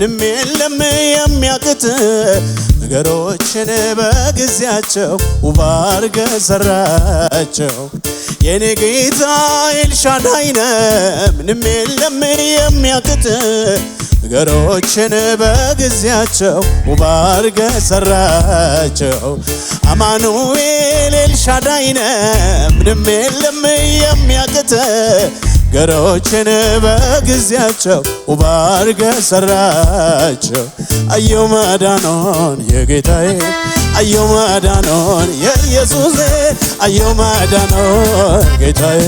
ማንም የለም የሚያቅት ነገሮችን በጊዜያቸው ውብ አርገ ሰራቸው። የኔ ጌታ ኤልሻዳይ ነ ምንም የለም የሚያቅት ነገሮችን በጊዜያቸው ውብ ሰራቸው። አማኑኤል ኤልሻዳይ ነ ምንም የለም የሚያቅት ነገሮችን በጊዜያቸው ውብ አድርገ ሰራቸው። አየው ማዳኖን የጌታዬ አየው ማዳኖን የኢየሱሴ አየው ማዳኖን ጌታዬ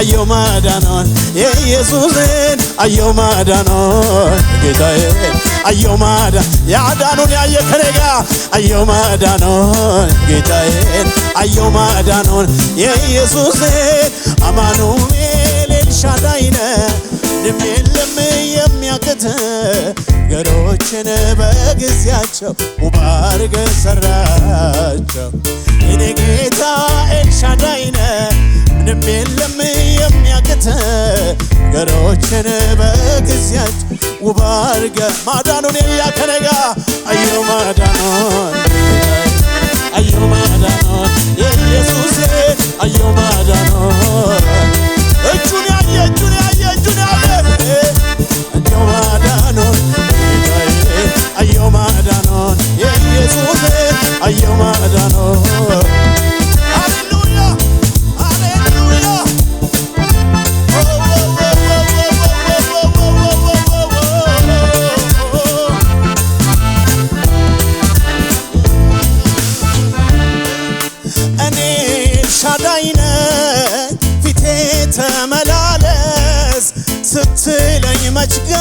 አየው ማዳኖን የኢየሱሴን አየው ማዳኖን ጌታዬ አየው ማዳ ያዳኑን ያየ ከኔጋ አየው ማዳኖን ጌታዬ አየው ማዳኖን የኢየሱሴን አማኑኤል ኤልሻዳይነ ድሜ የለም የሚያቅት ነገሮችን በጊዜያቸው ውብ ሰራቸው። እኔ ጌታ ኤልሻዳይነ ምንም የለም የሚያቅት ነገሮችን በጊዜያቸው ውብ ማዳኑን ያከነጋ አየ ማዳኑን አየ ማዳኑን የኢየሱስ አየ ማዳኑን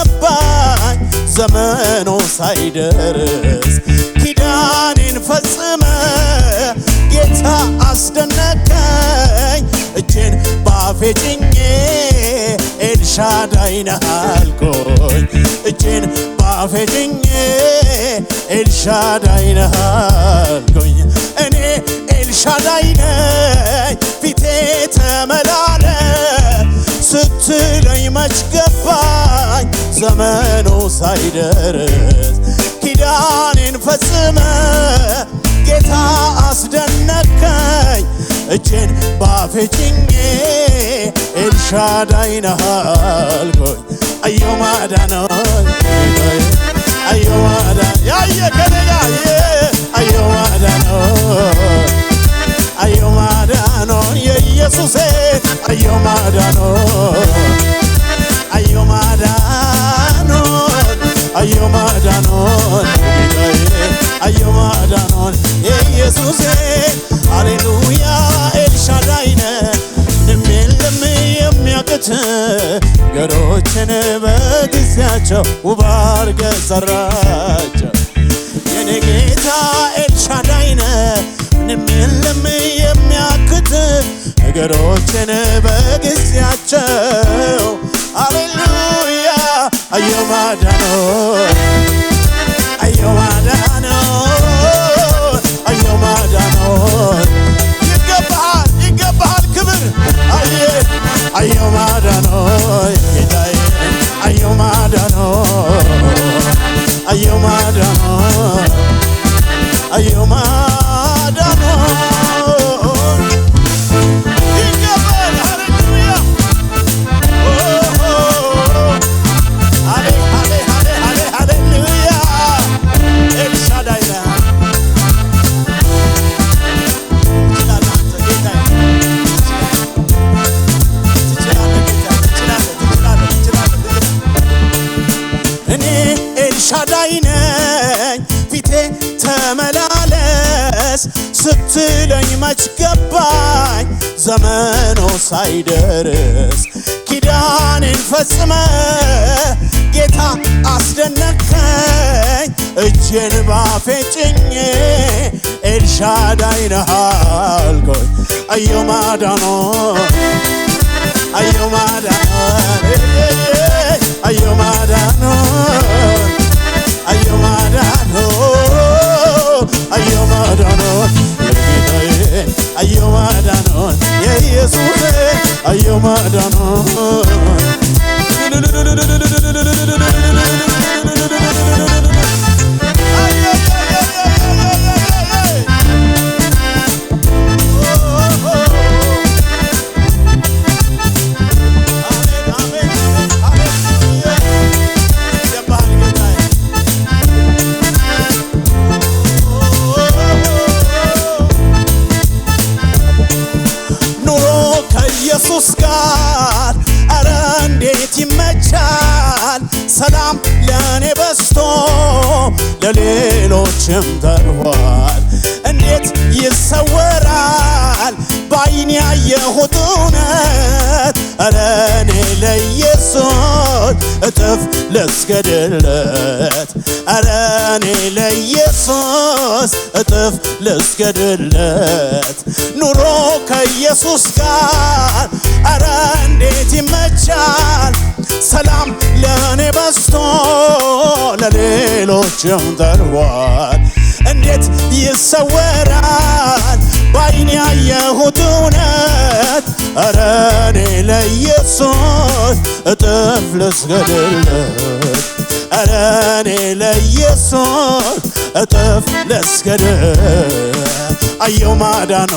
ገባኝ ዘመኖ ሳይደርስ ኪዳኔን ፈጽመ ጌታ አስደነቀኝ እጄን ባፌ ጭኜ ኤልሻዳይ ነህ አልኩኝ እጄን ባፌ ጭኜ ኤልሻዳይ ነህ አልኩኝ እኔ ኤልሻዳይ ነኝ ፊቴ ተመ ዘመኑ ሳይደርስ ኪዳኔን ፈጽመ ጌታ አስደነከኝ! እጄን ባፌ ጭኜ ኤልሻዳይ ነህ አልኩኝ። ማዳነ አየሁ ማዳነ ያየ ከኔጋ አየሁ ማዳነ አየሁ ማዳኖን የኢየሱሴ አየሁ ማዳኖ አዮ ማዳኖን አዮ ማዳኖን አዮ ማዳኖን ኢየሱሴ ሃሌሉያ ኤልሻዳይነ ምንም የሚያቅት ገሮችን በጊዜያቸው ውብ አርገ ሰራቸው የኔ ጌታ ኤልሻዳይነ ምንም የለም የሚያክት ነገሮችን በጊዜያቸው Hallelujah, you my dano. ሳይደርስ ኪዳንን ፈጽመ ጌታ አስደነከኝ። እጄን ባፌ ጭኜ ኤልሻዳይ ነህ አልከኝ። አዮ ማዳኖ አዮ ማዳኖ አዮ ማዳኖ አዮ ማዳኖ አዮ ማዳኖ አዮ ማዳኖ ኢየሱስ አየው ማዳና ሸም ተርፏል። እንዴት ይሰወራል በአይን ያየሁት እውነት ኧረ እኔ ለኢየሱስ እጥፍ ልስገድለት ኧረ እኔ ለኢየሱስ እጥፍ ልስገድለት ኑሮ ከኢየሱስ ጋር እረ እንዴት ይመቻል ሰላም ለእኔ ጀምደርዋል እንዴት ይሰወራል ባይኔ ያየሁት እውነት ኧረ እኔ ለኢየሱስ እጥፍ ልስገድለት ኧረ እኔ ለኢየሱስ እጥፍ ልስገድለት አየው ማዳኖ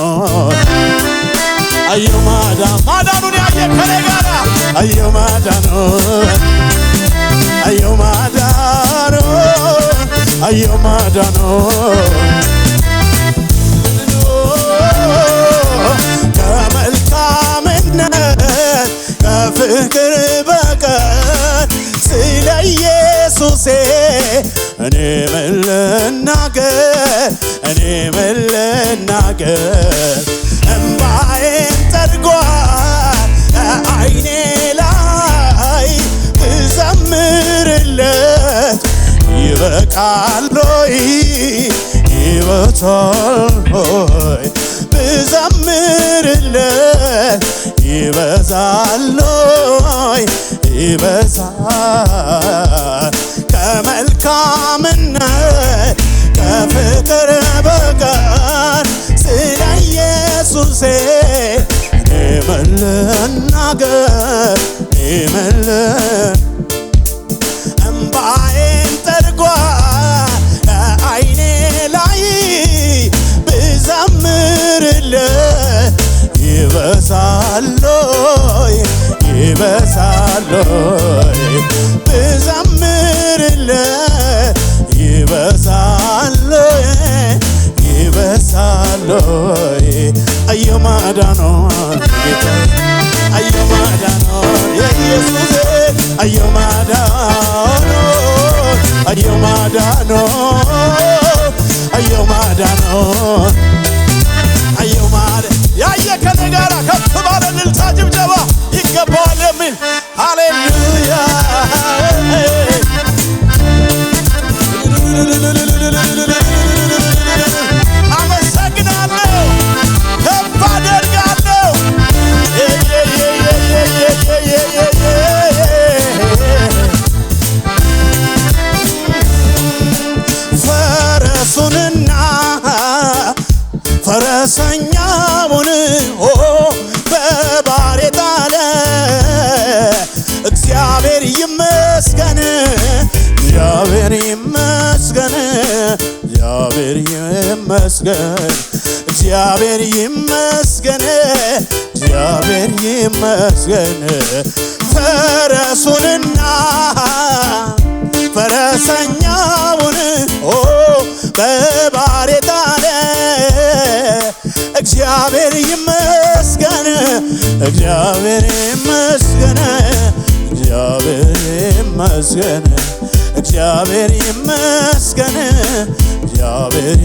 አየው ማዳ ማዳኑን ያየ ከኔ ጋራ አየው ማዳኖ አየው ማዳኖ አየው ማዳኖ ከመልካምነት ከፍቅር በቀር ስለ ኢየሱሴ እኔ ምን ልናገር እኔ ምን ልናገር ምን ልናገር እምባዬን ጠርጓል አይኔ ላይ ብዘምርለት ይበሳሎይ ይበሳሎይ ብዘምርለት ይበሳል አይቻለይ አየማዳኗን ጌታ አየማዳኗን የኢየሱስ አየማዳኖ አየማዳኖ አየማዳኖ እግዚአብሔር ይመስገን፣ እግዚአብሔር ይመስገን፣ እግዚአብሔር ይመስገን። ፈረሱንና ፈረሰኛውን በባሕር የጣለ እግዚአብሔር ይመስገን፣ እግዚአብሔር ይመስገን፣ እግዚአብሔር ይመስገን፣ እግዚአብሔር ይመስገን እግዚአብሔር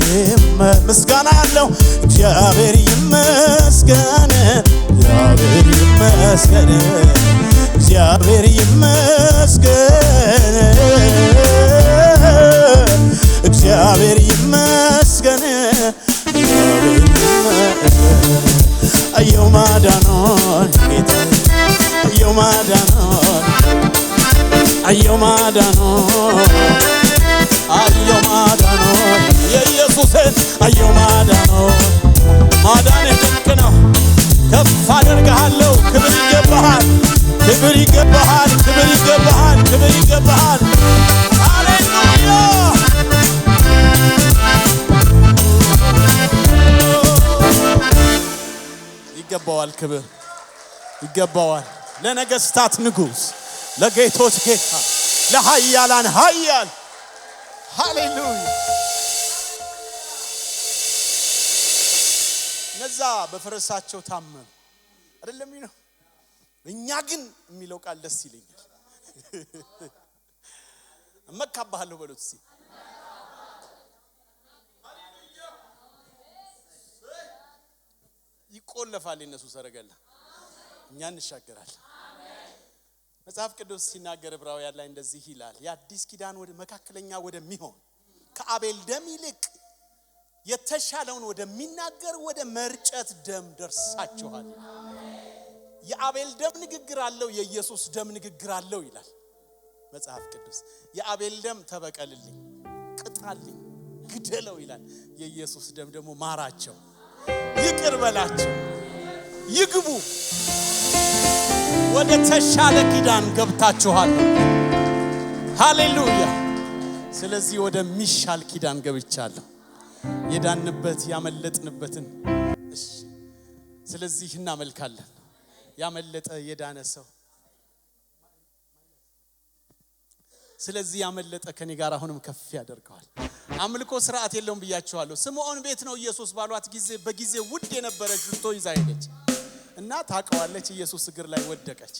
ምስጋና አለው። እግዚአብሔር ይመስገን፣ እግዚአብሔር ይመስገን፣ እግዚአብሔር ይመስገን ይገባዋል። ለነገስታት ንጉስ ለጌቶች ጌታ፣ ለሃያላን ሃያል ሃሌሉያ። እነዛ በፈረሳቸው ታመኑ አይደለም ነው። እኛ ግን የሚለው ቃል ደስ ይለኛል። እመካባሃለሁ በሉት እስኪ ይቆለፋል የነሱ ሰረገላ እኛ እንሻገራለን። መጽሐፍ ቅዱስ ሲናገር ዕብራውያን ላይ እንደዚህ ይላል፣ የአዲስ ኪዳን ወደ መካከለኛ ወደሚሆን ከአቤል ደም ይልቅ የተሻለውን ወደሚናገር ወደ መርጨት ደም ደርሳችኋል። የአቤል ደም ንግግር አለው፣ የኢየሱስ ደም ንግግር አለው ይላል መጽሐፍ ቅዱስ። የአቤል ደም ተበቀልልኝ፣ ቅጣልኝ፣ ግደለው ይላል። የኢየሱስ ደም ደግሞ ማራቸው፣ ይቅር በላቸው ይግቡ። ወደ ተሻለ ኪዳን ገብታችኋል። ሃሌሉያ። ስለዚህ ወደሚሻል ኪዳን ገብቻለሁ። የዳንበት ያመለጥንበትን እሺ። ስለዚህ እናመልካለን። ያመለጠ የዳነ ሰው ስለዚህ ያመለጠ ከኔ ጋር አሁንም ከፍ ያደርገዋል። አምልኮ ስርዓት የለውም ብያችኋለሁ። ስምዖን ቤት ነው ኢየሱስ ባሏት ጊዜ በጊዜ ውድ የነበረ ሽቶ ይዛ ሄደች። እና ታቀዋለች ኢየሱስ እግር ላይ ወደቀች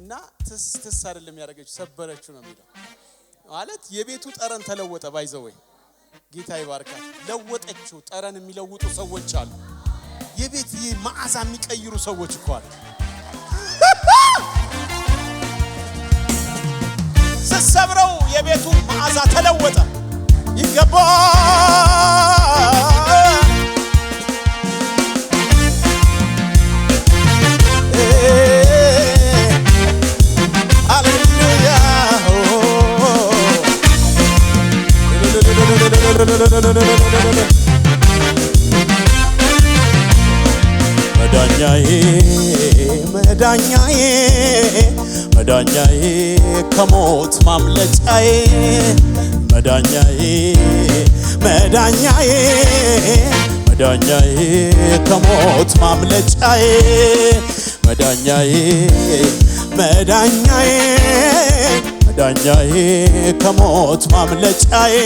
እና ትስ ትስ አይደለም ያደረገችው ሰበረችው ነው የሚለው ማለት የቤቱ ጠረን ተለወጠ። ባይዘወይ ጌታ ይባርካል። ለወጠችው። ጠረን የሚለውጡ ሰዎች አሉ። የቤት መዓዛ የሚቀይሩ ሰዎች እኳል ስሰብረው ስትሰብረው የቤቱ መዓዛ ተለወጠ። ይገባል መዳኛዬ መዳኛዬ መዳኛዬ ከሞት ማምለጫዬ መዳኛዬ መዳኛዬ መዳኛዬ ከሞት ማምለጫዬ መዳኛዬ መዳኛዬ ዳኛዬ ከሞት ማምለጫዬ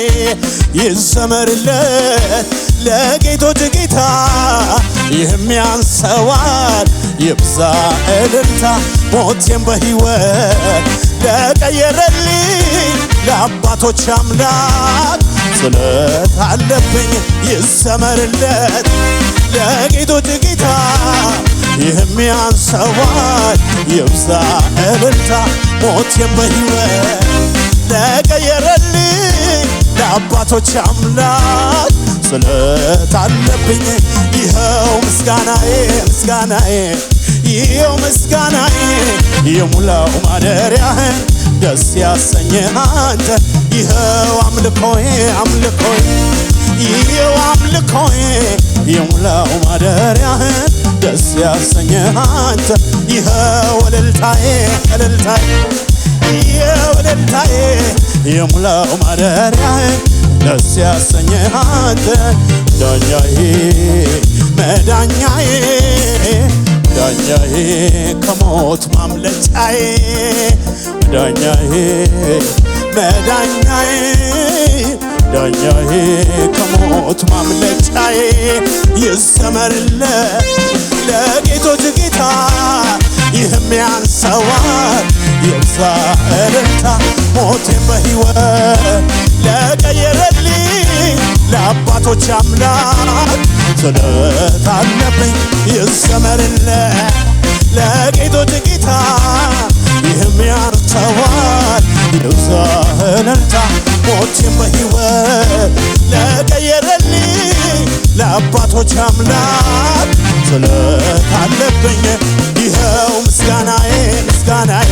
ይዘመርለት ለጌቶች ጌታ ይህም ያንሰዋል ይብዛ እልልታ ሞቴን በሕይወት ለቀየረልኝ ለአባቶች አምላክ ስለት አለብኝ ይዘመርለት ለጌቶች ጌታ የሚያንሰዋይ የብዛ እልልታ ሞቴን በሕይወት ለቀየረልኝ ለአባቶች አምላክ አለብኝ ይኸው ምስጋናዬ ምስጋናዬ ይኸው ምስጋናዬ የሙላው ማደሪያህን ደስ ያሰኘ አንተ ይኸው አምልኮዬ አምልኮዬ ይኸው አምልኮዬ የሙላው ማደሪያህን ደስ ያሰኘ አንተ ይኸው እልልታዬ እልልታዬ ይኸው እልልታዬ የሙላው ማደሪያዬ ደስ ያሰኘ አንተ ዳኛዬ መዳኛዬ ዳኛዬ ከሞት ማምለጫዬ ዳኛዬ መዳኛዬ ዳኛዬ ከሞት ማምለጫዬ ይዘመርለት ለጌቶች ጌታ ይህም ያንሰዋል የብዛ እልልታ ሞቴን በሕይወት ለቀየረልኝ ለአባቶች አምላክ ስለት አለብኝ ይዘመርለት ለጌቶች ጌታ ይህም ያንሰዋል የብዛ እልልታ ሞትን በሕይወት ለቀየረልኝ ለአባቶች አምላክ ስለት አለብኝ። ይኸው ምስጋናዬ ምስጋናዬ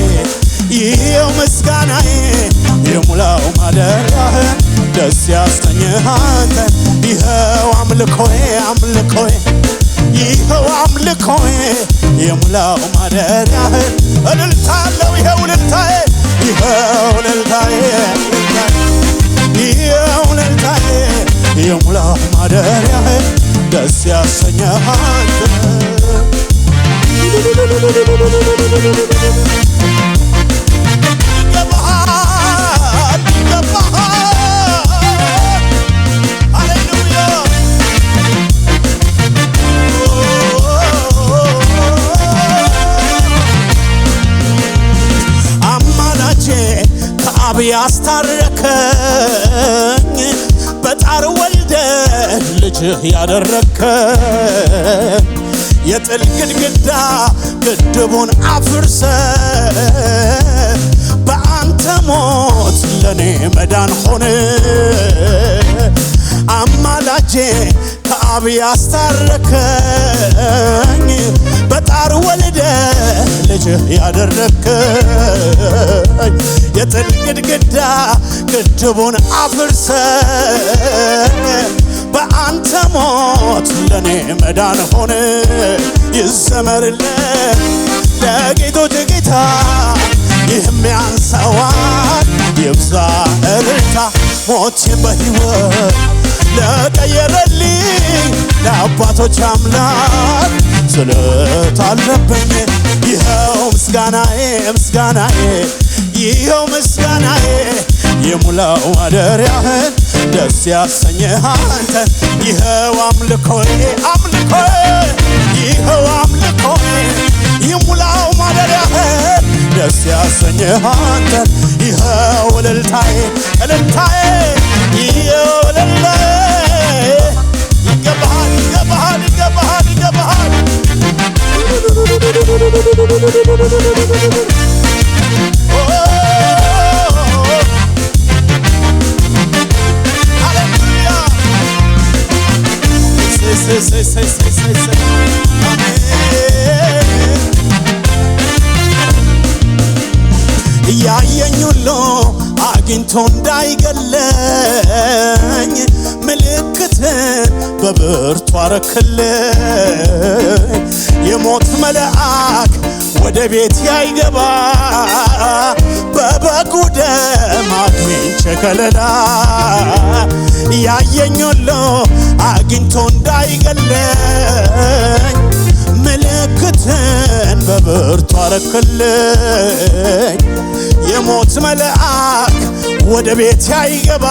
ይኸው ምስጋናዬ የሙላው ማደራህን ደስ ያሰኘህ አንተን ይኸው አምልኮዬ አምልኮዬ ይኸው አምልኮዬ የሙላው ማደሪያህን እልልታለው ይኸው እልልታዬ ይኸው እልልታዬ የሙላ ማደሪያህ ደስ ያሰኘህ በእጅህ ያደረከ የጥል ግድግዳ ግድቡን አፍርሰ በአንተ ሞት ለእኔ መዳን ሆነ። አማላጄ ከአብ ያስታረከኝ በጣር ወልደ ልጅህ ያደረከኝ የጥል ግድግዳ ግድቡን አፍርሰ በአንተ ሞት ለኔ መዳን ሆነ። ይዘመርለት ለጌቶች ጌታ ይህም ያንሰዋል ይብዛ እልልታ ሞት በሕይወት ለቀየረልኝ ለአባቶች አምላክ ስለት አለብኝ። ይኸው ምስጋናዬ ምስጋናዬ ይኸው ምስጋናዬ የሙላው አደሪያህን ደስ ያሰኘ አንተ ይኸው አምልኮዬ አምልኮዬ ይኸው አምልኮዬ ይሙላው ማደሪያህን ደስ ያሰኘህ አንተ ይኸው እልልታዬ እልልታዬ ይኸው እልልታዬ ይገባሃል ይገባሃል ይገባሃል ይገባሃል Oh እያየኝ ሁሉ አግኝቶ እንዳይገለኝ ምልክት በብርቱ አረክልኝ የሞት መልአክ ወደ ቤት ያይገባ በበጉ ደም አጥሜን ያየኝ ያየኞሎ አግኝቶ እንዳይገለኝ ምልክትን በብርቱ አረክልኝ የሞት መልአክ ወደ ቤት ያይገባ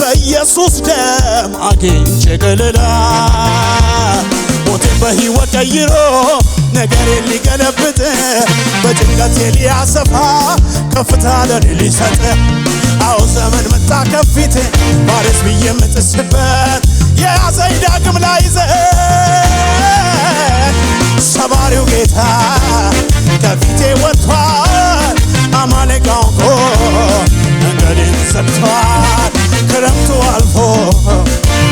በኢየሱስ ደም አግኝቼ ገለላ በሕይወት ቀይሮ ነገር ሊገለብጥ በጭንቀት ሊያሰፋ ከፍታ ለኔ ሊሰጥ አዎ ዘመን መጣ ከፊት ባረስ ብዬ የምጥስበት የያዘኝ ዳግም ላይ ሰባሪው ጌታ ከፊቴ ወጥቷል። አማኔቃው እኮ መንገዴን ዘግቷል። ክረምቱ አልፎ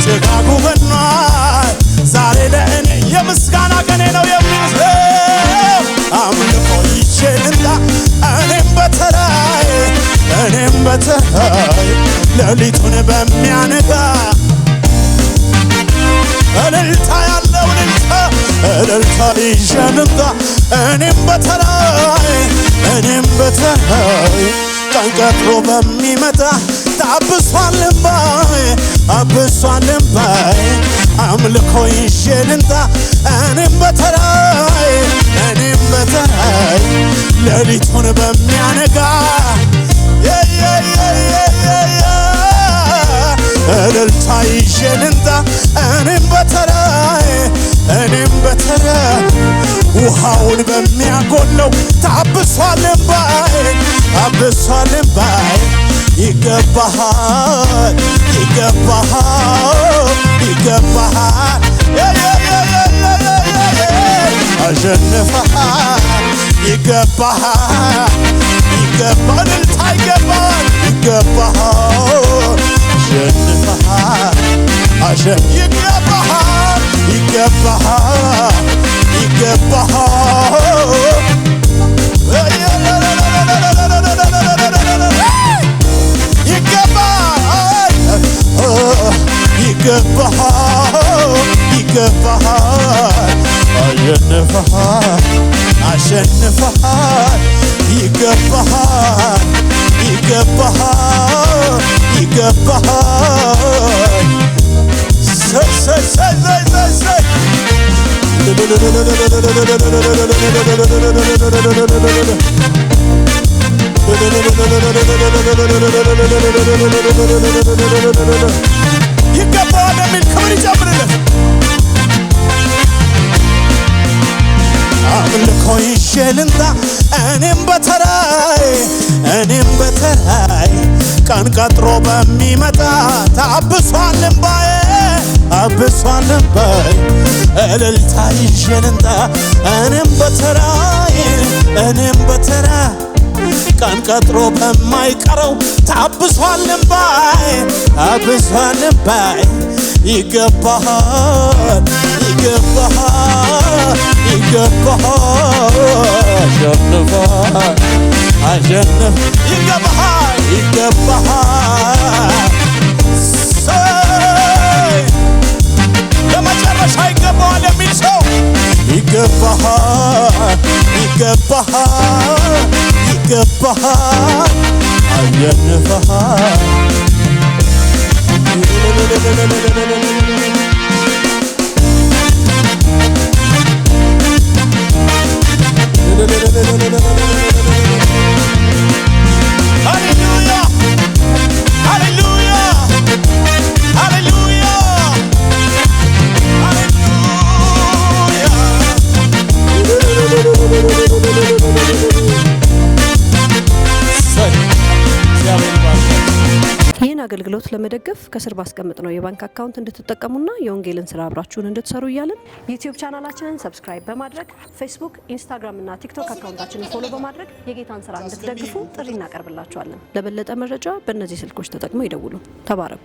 ጭጋጉ በኗል ዛሬ ምስጋና ከኔ ነው የሚለው አምልኮ ይዤ ልምጣ እኔም በተራዬ እኔም በተራዬ ሌሊቱን በሚያነጋ እልልታ ያለው እልልታ እልልታ ይዤ ልምጣ እኔም በተራዬ እኔም በተራዬ ቀን በሚመጣ ታብሷል እምባዬ አምልኮ ይዤ ልንጣ እኔም በተራይ እኔም በተራይ ሌሊቱን በሚያነጋ እልልታ ይዤ እኔም በተራይ እኔም በተራ ውሃውን በሚያጎለው ታብሷልን ባይ ታብሷልን ባይ ይገባሃል፣ ይገባሃል፣ ይገባሃል አሸንፈሃል፣ ይገባሃል፣ ይገባል እልልታ ይገባል፣ ይገባሃል፣ አሸንፈሃል፣ አሸ ይገባሃል፣ ይገባሃል፣ ይገባሃል ይገባሃል ይገባሃል አሸንፈሃል አሸንፈሃል ይገባሃል ይገባሃል ይገባሃል ሰሰሰሰሰሰ Thank you. አሜን። ክብር ይጨምርለት። አምልኮ ይዤ ልንጣ እኔም በተራይ እኔም በተራይ ቀን ቀጥሮ በሚመጣ ታብሷል እምባዬ አብሷል እምባዬ እልልታ ይዤ ልንጣ እኔም በተራይ እኔም በተራ ቀን ቀጥሮ በማይቀረው ታብሷል እምባዬ አብሷል እምባዬ ይገባሃል ይገባሃል ይገባሃል አሸንፋል አሸንፍ ይገባሃል ይገባሃል ለመጨረሻ ይገባዋል የሚል ሰው ይገባሃል ይገባሃል ይገባሃል አሸንፈሃል Thank you. ከስር ባስቀምጥ ነው የባንክ አካውንት እንድትጠቀሙና የወንጌልን ስራ አብራችሁን እንድትሰሩ እያለን ዩቲዩብ ቻናላችንን ሰብስክራይብ በማድረግ ፌስቡክ፣ ኢንስታግራም እና ቲክቶክ አካውንታችንን ፎሎ በማድረግ የጌታን ስራ እንድትደግፉ ጥሪ እናቀርብላችኋለን። ለበለጠ መረጃ በእነዚህ ስልኮች ተጠቅመው ይደውሉ። ተባረኩ።